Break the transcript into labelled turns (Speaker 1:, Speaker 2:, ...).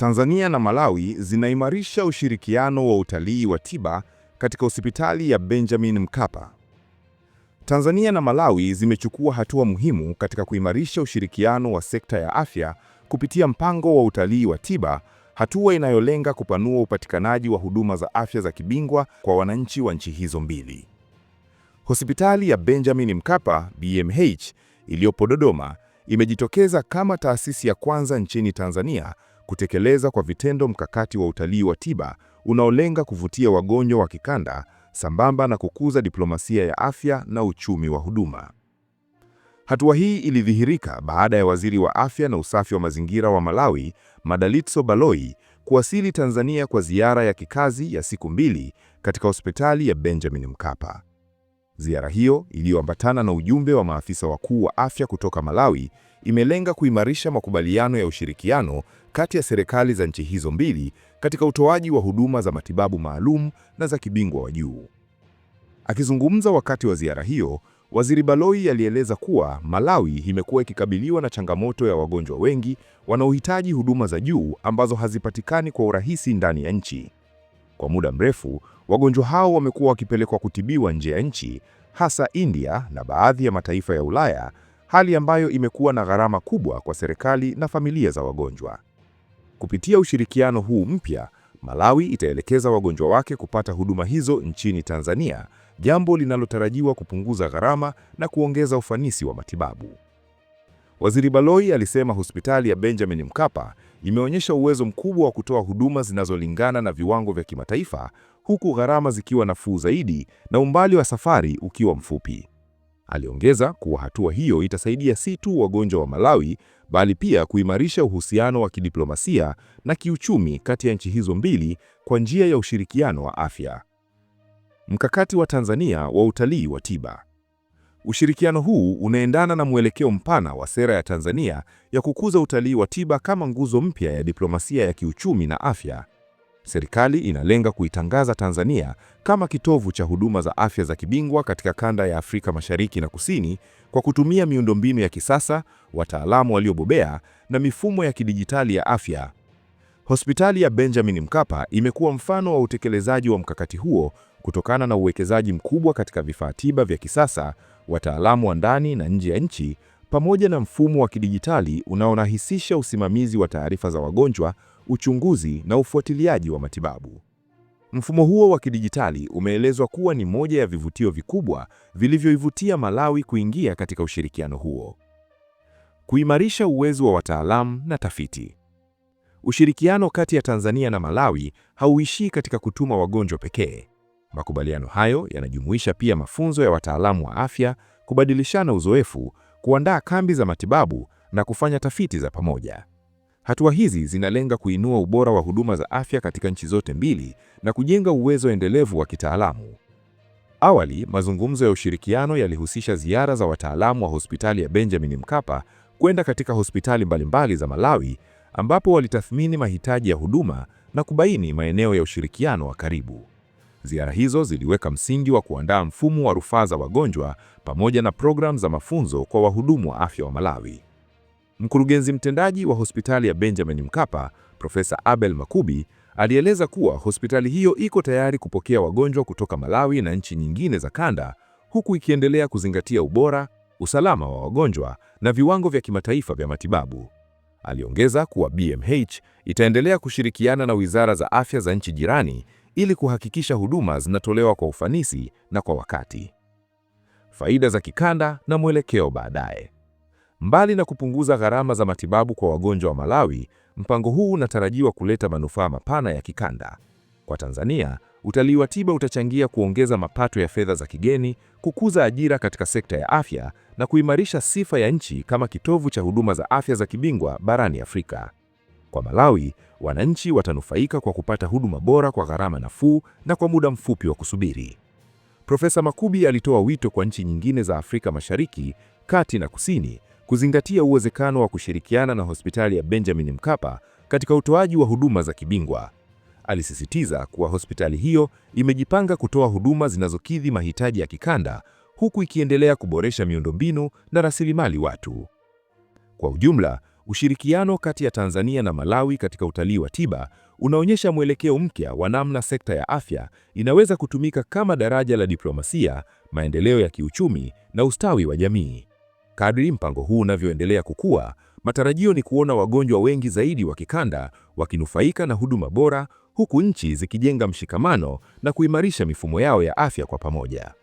Speaker 1: Tanzania na Malawi zinaimarisha ushirikiano wa utalii wa tiba katika hospitali ya Benjamin Mkapa. Tanzania na Malawi zimechukua hatua muhimu katika kuimarisha ushirikiano wa sekta ya afya kupitia mpango wa utalii wa tiba, hatua inayolenga kupanua upatikanaji wa huduma za afya za kibingwa kwa wananchi wa nchi hizo mbili. Hospitali ya Benjamin Mkapa BMH iliyopo Dodoma imejitokeza kama taasisi ya kwanza nchini Tanzania kutekeleza kwa vitendo mkakati wa utalii wa tiba unaolenga kuvutia wagonjwa wa kikanda sambamba na kukuza diplomasia ya afya na uchumi wa huduma. Hatua hii ilidhihirika baada ya Waziri wa Afya na Usafi wa Mazingira wa Malawi, Madalitso Baloi, kuwasili Tanzania kwa ziara ya kikazi ya siku mbili katika hospitali ya Benjamin Mkapa. Ziara hiyo iliyoambatana na ujumbe wa maafisa wakuu wa afya kutoka Malawi imelenga kuimarisha makubaliano ya ushirikiano kati ya serikali za nchi hizo mbili katika utoaji wa huduma za matibabu maalum na za kibingwa wa juu. Akizungumza wakati wa ziara hiyo, Waziri Baloyi alieleza kuwa Malawi imekuwa ikikabiliwa na changamoto ya wagonjwa wengi wanaohitaji huduma za juu ambazo hazipatikani kwa urahisi ndani ya nchi. Kwa muda mrefu, wagonjwa hao wamekuwa wakipelekwa kutibiwa nje ya nchi, hasa India na baadhi ya mataifa ya Ulaya, hali ambayo imekuwa na gharama kubwa kwa serikali na familia za wagonjwa. Kupitia ushirikiano huu mpya, Malawi itaelekeza wagonjwa wake kupata huduma hizo nchini Tanzania, jambo linalotarajiwa kupunguza gharama na kuongeza ufanisi wa matibabu. Waziri baloi alisema hospitali ya Benjamin Mkapa imeonyesha uwezo mkubwa wa kutoa huduma zinazolingana na viwango vya kimataifa, huku gharama zikiwa nafuu zaidi na umbali wa safari ukiwa mfupi. Aliongeza kuwa hatua hiyo itasaidia si tu wagonjwa wa Malawi bali pia kuimarisha uhusiano wa kidiplomasia na kiuchumi kati ya nchi hizo mbili kwa njia ya ushirikiano wa afya. Mkakati wa Tanzania wa utalii wa tiba. Ushirikiano huu unaendana na mwelekeo mpana wa sera ya Tanzania ya kukuza utalii wa tiba kama nguzo mpya ya diplomasia ya kiuchumi na afya. Serikali inalenga kuitangaza Tanzania kama kitovu cha huduma za afya za kibingwa katika kanda ya Afrika Mashariki na Kusini kwa kutumia miundombinu ya kisasa, wataalamu waliobobea na mifumo ya kidijitali ya afya. Hospitali ya Benjamin Mkapa imekuwa mfano wa utekelezaji wa mkakati huo kutokana na uwekezaji mkubwa katika vifaa tiba vya kisasa, wataalamu wa ndani na nje ya nchi, pamoja na mfumo wa kidijitali unaorahisisha usimamizi wa taarifa za wagonjwa, uchunguzi na ufuatiliaji wa matibabu. Mfumo huo wa kidijitali umeelezwa kuwa ni moja ya vivutio vikubwa vilivyoivutia Malawi kuingia katika ushirikiano huo. Kuimarisha uwezo wa wataalamu na tafiti. Ushirikiano kati ya Tanzania na Malawi hauishii katika kutuma wagonjwa pekee. Makubaliano hayo yanajumuisha pia mafunzo ya wataalamu wa afya, kubadilishana uzoefu, kuandaa kambi za matibabu na kufanya tafiti za pamoja. Hatua hizi zinalenga kuinua ubora wa huduma za afya katika nchi zote mbili na kujenga uwezo endelevu wa kitaalamu. Awali, mazungumzo ya ushirikiano yalihusisha ziara za wataalamu wa hospitali ya Benjamin Mkapa kwenda katika hospitali mbalimbali za Malawi ambapo walitathmini mahitaji ya huduma na kubaini maeneo ya ushirikiano wa karibu. Ziara hizo ziliweka msingi wa kuandaa mfumo wa rufaa za wagonjwa pamoja na programu za mafunzo kwa wahudumu wa afya wa Malawi. Mkurugenzi mtendaji wa hospitali ya Benjamin Mkapa, Profesa Abel Makubi, alieleza kuwa hospitali hiyo iko tayari kupokea wagonjwa kutoka Malawi na nchi nyingine za kanda, huku ikiendelea kuzingatia ubora, usalama wa wagonjwa na viwango vya kimataifa vya matibabu. Aliongeza kuwa BMH itaendelea kushirikiana na wizara za afya za nchi jirani ili kuhakikisha huduma zinatolewa kwa ufanisi na kwa wakati. Faida za kikanda na mwelekeo baadaye. Mbali na kupunguza gharama za matibabu kwa wagonjwa wa Malawi, mpango huu unatarajiwa kuleta manufaa mapana ya kikanda. Kwa Tanzania, utalii wa tiba utachangia kuongeza mapato ya fedha za kigeni, kukuza ajira katika sekta ya afya na kuimarisha sifa ya nchi kama kitovu cha huduma za afya za kibingwa barani Afrika. Kwa Malawi, wananchi watanufaika kwa kupata huduma bora kwa gharama nafuu na kwa muda mfupi wa kusubiri. Profesa Makubi alitoa wito kwa nchi nyingine za Afrika Mashariki, Kati na Kusini kuzingatia uwezekano wa kushirikiana na hospitali ya Benjamin Mkapa katika utoaji wa huduma za kibingwa. Alisisitiza kuwa hospitali hiyo imejipanga kutoa huduma zinazokidhi mahitaji ya kikanda huku ikiendelea kuboresha miundombinu na rasilimali watu. Kwa ujumla, Ushirikiano kati ya Tanzania na Malawi katika utalii wa tiba unaonyesha mwelekeo mpya wa namna sekta ya afya inaweza kutumika kama daraja la diplomasia, maendeleo ya kiuchumi na ustawi wa jamii. Kadri mpango huu unavyoendelea kukua, matarajio ni kuona wagonjwa wengi zaidi wa kikanda wakinufaika na huduma bora, huku nchi zikijenga mshikamano na kuimarisha mifumo yao ya afya kwa pamoja.